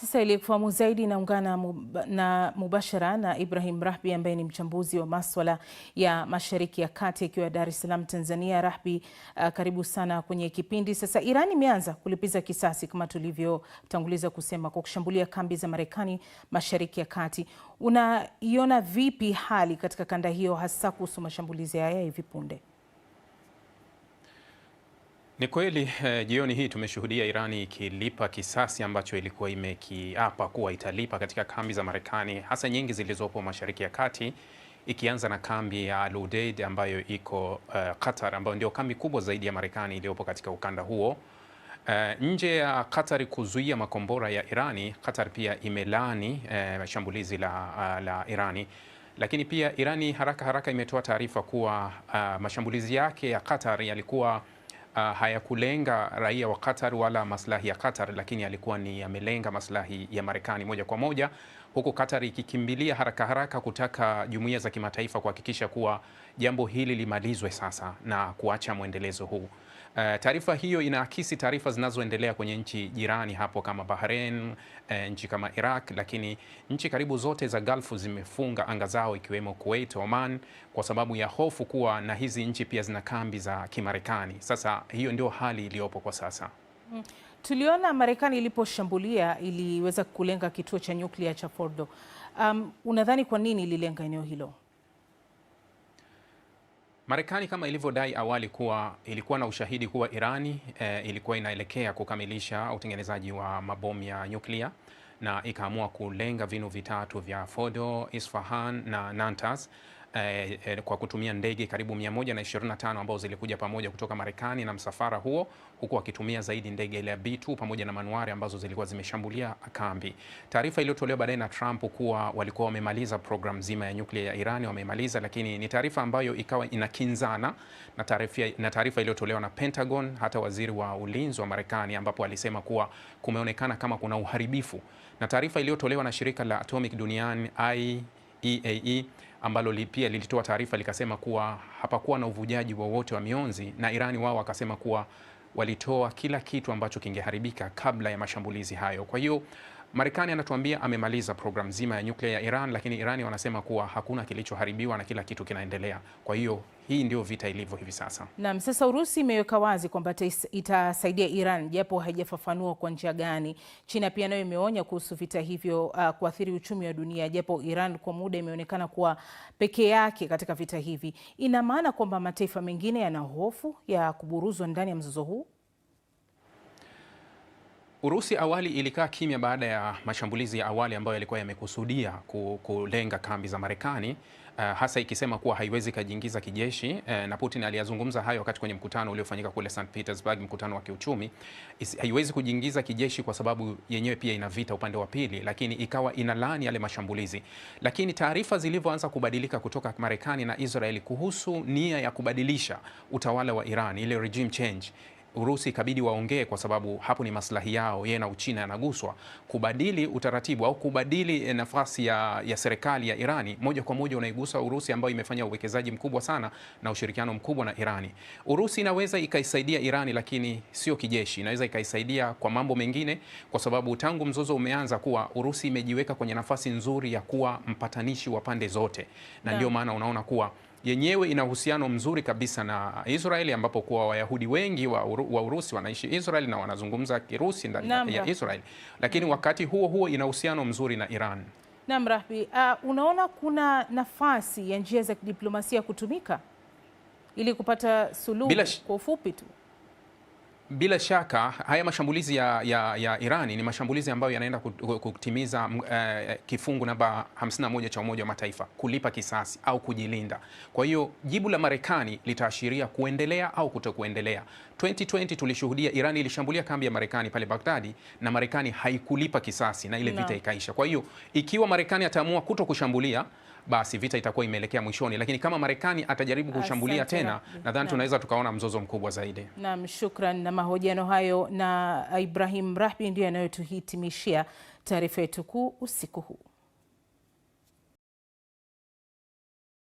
Sasa ili kufahamu zaidi naungana na mubashara na Ibrahim Rahbi ambaye ni mchambuzi wa maswala ya Mashariki ya Kati akiwa Dar es Salaam, Tanzania. Rahbi, uh, karibu sana kwenye kipindi. Sasa Iran imeanza kulipiza kisasi kama tulivyotanguliza kusema kwa kushambulia kambi za Marekani Mashariki ya Kati. Unaiona vipi hali katika kanda hiyo hasa kuhusu mashambulizi haya hivi punde? Ni kweli eh, jioni hii tumeshuhudia Irani ikilipa kisasi ambacho ilikuwa imekiapa kuwa italipa katika kambi za Marekani hasa nyingi zilizopo Mashariki ya Kati ikianza na kambi ya Al Udeid ambayo iko uh, Qatar ambayo ndio kambi kubwa zaidi ya Marekani iliyopo katika ukanda huo. Uh, nje ya Qatar kuzuia makombora ya Irani, Qatar pia imelani uh, eh, shambulizi la, uh, la Irani lakini pia Irani haraka haraka imetoa taarifa kuwa uh, mashambulizi yake ya Qatar yalikuwa Ah, hayakulenga raia wa Qatar wala maslahi ya Qatar, lakini yalikuwa ni yamelenga maslahi ya Marekani moja kwa moja huku Qatar ikikimbilia haraka haraka kutaka jumuiya za kimataifa kuhakikisha kuwa jambo hili limalizwe sasa na kuacha mwendelezo huu. Uh, taarifa hiyo inaakisi taarifa zinazoendelea kwenye nchi jirani hapo kama Bahrain, uh, nchi kama Iraq, lakini nchi karibu zote za Gulf zimefunga anga zao ikiwemo Kuwait, Oman kwa sababu ya hofu kuwa na hizi nchi pia zina kambi za Kimarekani. Sasa hiyo ndio hali iliyopo kwa sasa. Mm. Tuliona Marekani iliposhambulia iliweza kulenga kituo cha nyuklia cha Fordo. Um, unadhani kwa nini ililenga eneo hilo? Marekani kama ilivyodai awali kuwa ilikuwa na ushahidi kuwa Irani e, eh, ilikuwa inaelekea kukamilisha utengenezaji wa mabomu ya nyuklia na ikaamua kulenga vinu vitatu vya Fordo, Isfahan na Natanz eh, eh, kwa kutumia ndege karibu 125 ambao zilikuja pamoja kutoka Marekani na msafara huo, huku wakitumia zaidi ndege ile ya B2 pamoja na manuari ambazo zilikuwa zimeshambulia kambi. Taarifa iliyotolewa baadaye na Trump kuwa walikuwa wamemaliza program zima ya nyuklia ya Irani wamemaliza, lakini ni taarifa ambayo ikawa inakinzana na taarifa na taarifa iliyotolewa na Pentagon, hata waziri wa ulinzi wa Marekani ambapo alisema kuwa kumeonekana kama kuna uharibifu na taarifa iliyotolewa na shirika la Atomic duniani IAEA e, ambalo pia lilitoa taarifa likasema kuwa hapakuwa na uvujaji wowote wa, wa mionzi na Irani wao wakasema kuwa walitoa kila kitu ambacho kingeharibika kabla ya mashambulizi hayo. Kwa hiyo Marekani anatuambia amemaliza programu zima ya nyuklia ya Iran, lakini Irani wanasema kuwa hakuna kilichoharibiwa na kila kitu kinaendelea. Kwa hiyo hii ndio vita ilivyo hivi sasa. Naam, sasa Urusi imeweka wazi kwamba itasaidia Iran japo haijafafanua kwa njia gani. China pia nayo imeonya kuhusu vita hivyo uh, kuathiri uchumi wa dunia japo Iran kwa muda imeonekana kuwa peke yake katika vita hivi. Ina maana kwamba mataifa mengine yana hofu ya kuburuzwa ndani ya mzozo huu? Urusi awali ilikaa kimya baada ya mashambulizi ya awali ambayo yalikuwa yamekusudia kulenga kambi za Marekani uh, hasa ikisema kuwa haiwezi ikajiingiza kijeshi uh, na Putin aliyazungumza hayo wakati kwenye mkutano uliofanyika kule St Petersburg, mkutano wa kiuchumi. Haiwezi kujiingiza kijeshi kwa sababu yenyewe pia ina vita upande wa pili, lakini ikawa inalaani yale mashambulizi. Lakini taarifa zilivyoanza kubadilika kutoka Marekani na Israeli kuhusu nia ya kubadilisha utawala wa Iran, ile regime change Urusi ikabidi waongee kwa sababu hapo ni maslahi yao, yeye na Uchina yanaguswa, kubadili utaratibu au kubadili eh, nafasi ya, ya serikali ya Irani, moja kwa moja unaigusa Urusi ambayo imefanya uwekezaji mkubwa sana na ushirikiano mkubwa na Irani. Urusi inaweza ikaisaidia Irani, lakini sio kijeshi, inaweza ikaisaidia kwa mambo mengine, kwa sababu tangu mzozo umeanza kuwa Urusi imejiweka kwenye nafasi nzuri ya kuwa mpatanishi wa pande zote, na ndio maana unaona kuwa yenyewe ina uhusiano mzuri kabisa na Israeli ambapo kuwa Wayahudi wengi wa, uru, wa Urusi wanaishi Israeli na wanazungumza Kirusi ndani ya Israeli, lakini wakati huo huo ina uhusiano mzuri na Iran. Naam, Rahbi, uh, ah, unaona kuna nafasi ya njia za kidiplomasia kutumika ili kupata suluhu? Kwa ufupi tu bila shaka haya mashambulizi ya, ya, ya Irani ni mashambulizi ambayo yanaenda kutimiza uh, kifungu namba 51 cha Umoja wa Mataifa kulipa kisasi au kujilinda. Kwa hiyo jibu la Marekani litaashiria kuendelea au kutokuendelea. 2020 tulishuhudia Irani ilishambulia kambi ya Marekani pale Baghdadi na Marekani haikulipa kisasi na ile no. vita ikaisha. Kwa hiyo ikiwa Marekani ataamua kuto kushambulia basi vita itakuwa imeelekea mwishoni, lakini kama Marekani atajaribu kushambulia tena, nadhani tunaweza tukaona mzozo mkubwa zaidi. Naam, shukran. Na mahojiano hayo na Ibrahim Rahbi ndio yanayotuhitimishia taarifa yetu kuu usiku huu.